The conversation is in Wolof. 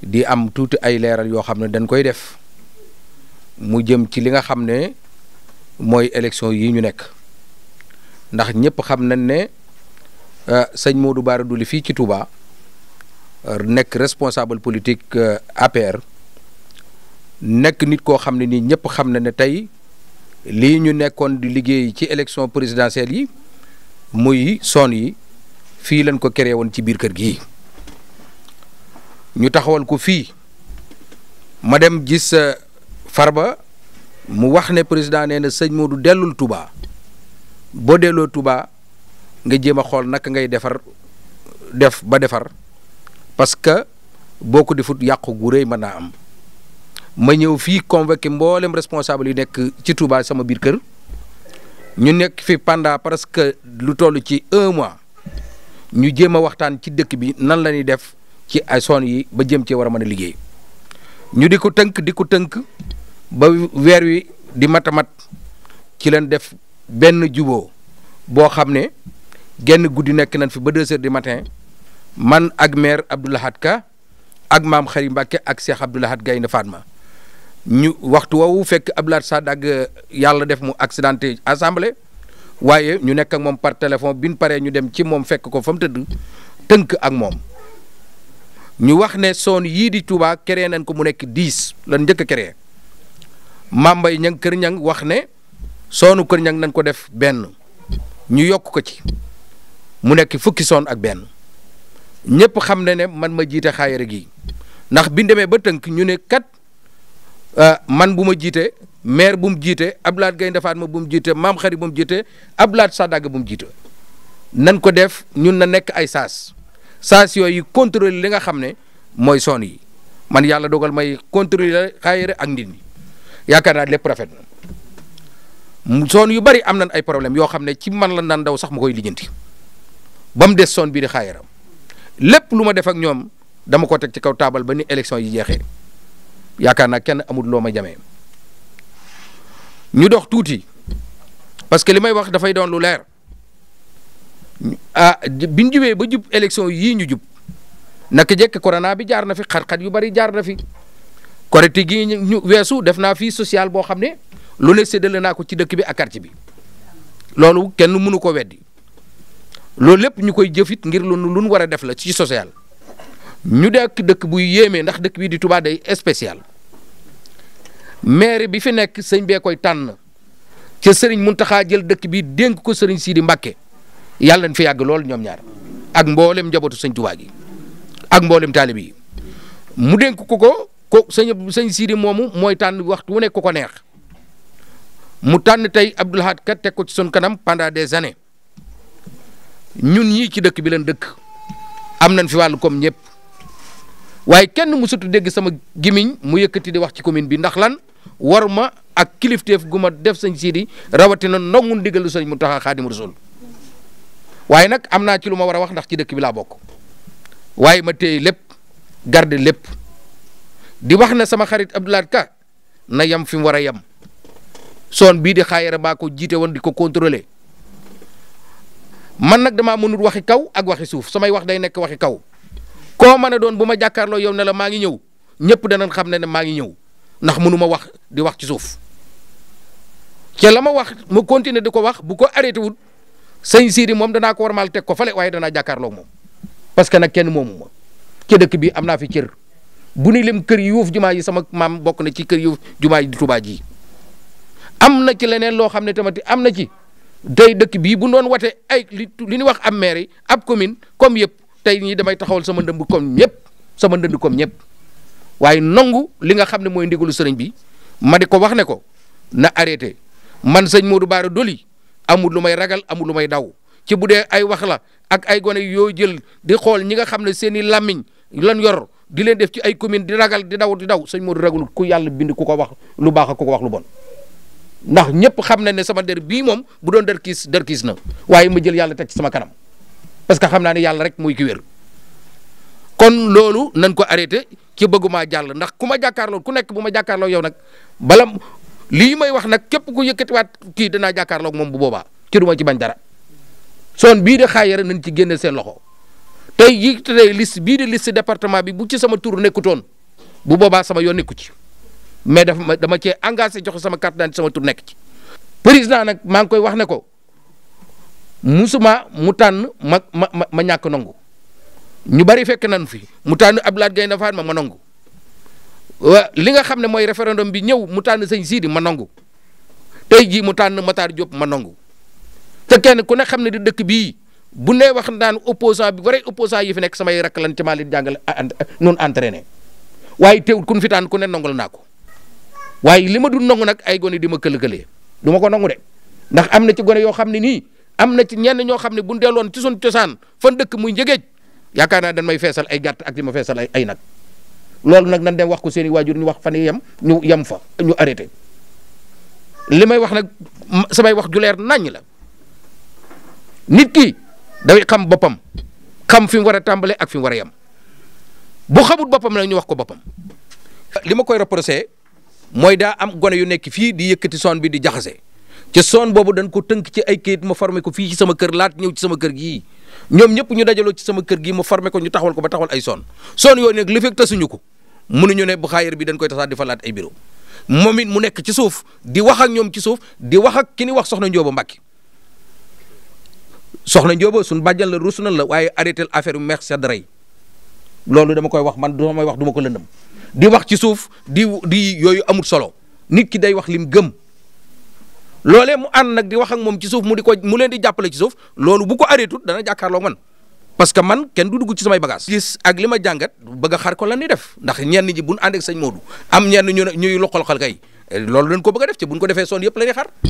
di am tuuti ay leeral yoo xam ne dañ koy def mu jëm ci li nga xam ne mooy élection yi ñu nekk ndax ñëpp xam nañ ne euh, sëñ du bari Doly fii ci Touba euh, nekk responsable politique euh, APR nekk nit koo xam ne nii ñëpp xam na ne tey lii ñu nekkoon di liggéey ci élection présidentielle yi muy son yi fii lan ko créé woon ci biir kër gi ñu taxawal ko fii ma dem gis euh, far ba mu wax ne président nee na sëñ du dellul tubaa boo delloo Touba nga jéem a xool naka ngay defar def ba defar parce que boo ko defut yàqu gu rëy mën naa am ma ñëw fii convoqué mboolem responsable yi nekk ci Touba sama biir kër ñu nekk fi parce que lu toll ci un mois ñu jéem a waxtaan ci dëkk bi nan la ñuy def. ci ay soon yi ba jëm ci war a mën a liggéey ñu di ko tënk di ko tënk ba weer wi di mat ci leen def benn jubo boo xam ne genn guddi nekk nañ fi ba deux heures du matin man ak meer Abdou Lahad ak maam Xari Mbàkke ak Cheikh Abdou Lahad Gaynde Fatma ñu waxtu woowu fekk Abdou Lahad Sadd yàlla def mu accidenté assemblée waaye ñu nekk ak moom par téléphone bi ñu paree ñu dem ci moom fekk ko fa mu tëdd tënk ak moom ñu wax ne zone yii di Touba créé nañ ko mu nekk dix lan njëkk a créé Mambay ñang kër ñang wax ne soonu kër ñang nañ ko def benn ñu yokk ko ci mu nekk fukki zone ak benn ñëpp xam ne ne man ma jiite xaayare gi ndax bi demee ba tënk ñu ne kat euh, man bu ma jiite maire bu mu jiite Abdoulaye Gaye Ndefane ma bu mu jiite maam xari bu mu jiite Abdoulaye Sadaga bu mu jiite nan ko def ñun na nekk ay saas. saas yooyu contrôler li nga xam ne mooy son yi man yàlla dogal may contrôler xaayare ak nit ñi yaakaar naa lépp rafet na son yu bari am nañ ay problème yoo xam ne ci man la naan daw sax ma koy lijjanti ba mu des son bii di xaayaram lépp lu ma def ak ñoom dama ko teg ci kaw taabal ba ni élection yi jeexee yaakaar naa kenn amul loo ma jamee ñu dox tuuti parce que li may wax dafay doon lu leer. ah bi ñu ba jub élection yii ñu jub naka jekk corona bi jaar na fi xat-xat yu bari jaar na fi korite gi ñu weesu def naa fii social boo xam ne loolu ne séddale naa ko ci dëkk bi ak quartier bi loolu kenn mënu ko weddi loolu lépp ñu koy jëfit ngir lu lu war a def la ci social ñu dekk dëkk buy yéeme ndax dëkk bii di Touba day spécial maire bi fi nekk sëñ bee koy tànn ca sëriñ taxaa jël dëkk bi dénk ko sëriñ Sidi Mbacke. yàlla nañ fi yàgg lool ñoom ñaar ak mboolem njabootu sëñ Tuubaa gi ak mboolem taalib yi mu denk ko ko ko sëñ sëñ Sidi moomu mooy tànn waxtu wu nekk ko ko neex mu tànn tey Abdoul Ahad kat teg ko ci sun kanam pendant des années ñun ñii ci dëkk bi leen dëkk am nañ fi wàllu comme ñëpp waaye kenn mu mësatu dégg sama gimiñ mu yëkkati di wax ci commune bi ndax lan war ma ak kilifteef gu ma def sëñ Sidi rawatina ndongu ndigalu sëñ mu Muntaxa Xaadimu Rasuul waaye nag am naa ci lu ma war a wax ndax ci dëkk bi laa bokk waaye ma téye lépp garde lépp di wax na sama xarit Abdoulaye Ka na yem fi mu war a yem soon bii di rek baa ko jiite woon di ko contrôler man nag damaa wax waxi kaw ak waxi suuf samay wax day nekk waxi kaw koo mën a doon bu ma jàkkaarloo yow ne la maa ngi ñëw ñëpp danañ xam ne ne maa ngi ñëw ndax mënu wax di wax ci suuf ca la ma wax ma continuer di ko wax bu ko arrêté wut sëñ Sidi moom danaa ko warmaal teg ko fale waaye danaa jàkkaarloog moom parce que nag kenn moomu ma ci dëkk bi am naa fi cër bu ni lim kër yuuf jumaa yi sama maam bokk na ci kër yuuf jumaa yi di Tuubaa ji am na ci leneen loo xam ne tamit am na ci tey dëkk bii bu doon wate ay li li ñuy wax ab mairie ab commune comme yëpp tey ñii damay taxawal sama ndënd comme ñëpp sama ndënd ñëpp waaye nangu li nga xam ne mooy ndigalu sëriñ bi ma di ko wax ne ko na arrêté man sëñ Modou Bara Doli amul lu may ragal amul lu may daw ci bu dee ay wax la ak ay gone yoo jël di xool ñi nga xam ne seen i làmmiñ lan yor di leen def ci ay commune di ragal di daw di daw sëñ Modou ragalul ku yàlla bind ku ko wax lu baax ku ko wax lu bon ndax ñëpp xam na ne sama der bii moom bu doon der kiis der kiis na waaye ma jël yàlla teg sama kanam parce que xam naa ne yàlla rek muy ki wér kon loolu nañ ko arrêté ci bëgguma jàll ndax ku ma jàkkaarloo ku nekk bu ma jàkkaarloo yow nag lii may wax nag képp ku yëkkatiwaat kii danaa jàkkaarloog moom bu boobaa ci duma ci bañ dara son bii de xaayara nañ ci génne seen loxo tey yi tey liste bii de liste département bi bu ci sama tur nekkutoon bu boobaa sama yoon nekku ci mais dafa ma dama cee engagé joxe sama carte d'identité sama tur nekk ci. président nag maa ngi koy wax ne ko musuma mu tànn ma ma ma ñàkk nangu ñu bari fekk nañ fi mu tànn Abdoulaye Gaye Fatma ma nangu. li nga xam ne mooy référendum bi ñëw mu tànn sëñ Sidi ma nangu tey jii mu tànn Matar Diop ma nangu te kenn ku ne xam ne di dëkk bii bu ne wax naan opposant bi vrai opposant yi fi nekk samay rakk lan ci maa leen jàngale noonu entraîné waaye te kun fi tànn ku ne nangul naa ko waaye li ma du nangu nag ay gone di ma këlëkëlee du ma ko nangu de ndax am na ci gone yoo xam ne nii am na ci ñenn ñoo xam ne bu ñu delloon ci suñu cosaan fan dëkk muy njëgeej yaakaar naa dañ may feesal ay gàtt ak di ma feesal ay ay nag. loolu nag nan dem wax ko seeni i waajur ñu wax fan yam ñu yem fa ñu arrêté li may wax nag samay wax ju leer naññ la nit ki day xam boppam xam fi mu war a tàmbale ak fi war a yem bu xamul boppam nag ñu wax ko boppam. li ma koy reproché mooy daa am gone yu nekk fii di yëkkati son bi di jaxase ci son boobu dañ ko tënk ci ay kayit ma formé ko fii ci sama kër laat ñëw ci sama kër gii. ñoom ñëpp ñu dajaloo ci sama kër gi ma formé ko ñu taxawal ko ba taxawal ay son son yooyu nag li fekk tasuñu ko mënuñu ne bu xaayir bi dañ koy tasaat di falaat ay biro moom it mu nekk ci suuf di wax ak ñoom ci suuf di wax ak ki ni wax soxna Ndiobo Mbacke soxna Ndiobo suñu bàjjan la rus nan la waaye arrêté affaire yu meex sedd rey loolu dama koy wax man du may wax du ma ko lëndam di wax ci suuf di di yooyu amul solo nit ki day wax lim gëm. loole mu ànd nag di wax ak moom ci suuf mu di ko mu leen di jàppale ci suuf loolu bu ko arrêté dana jàkkaarloog man parce que man kenn du dugg ci samay bagage gis ak li ma jàngat bëgg a xar ko lan ni def ndax ñenn ji buñ ànd ak sëñ Modou am ñenn ñu ñuy loxol xal kay lool lañ ko bëgg a def ci buñ ko defee son yëpp la ñuy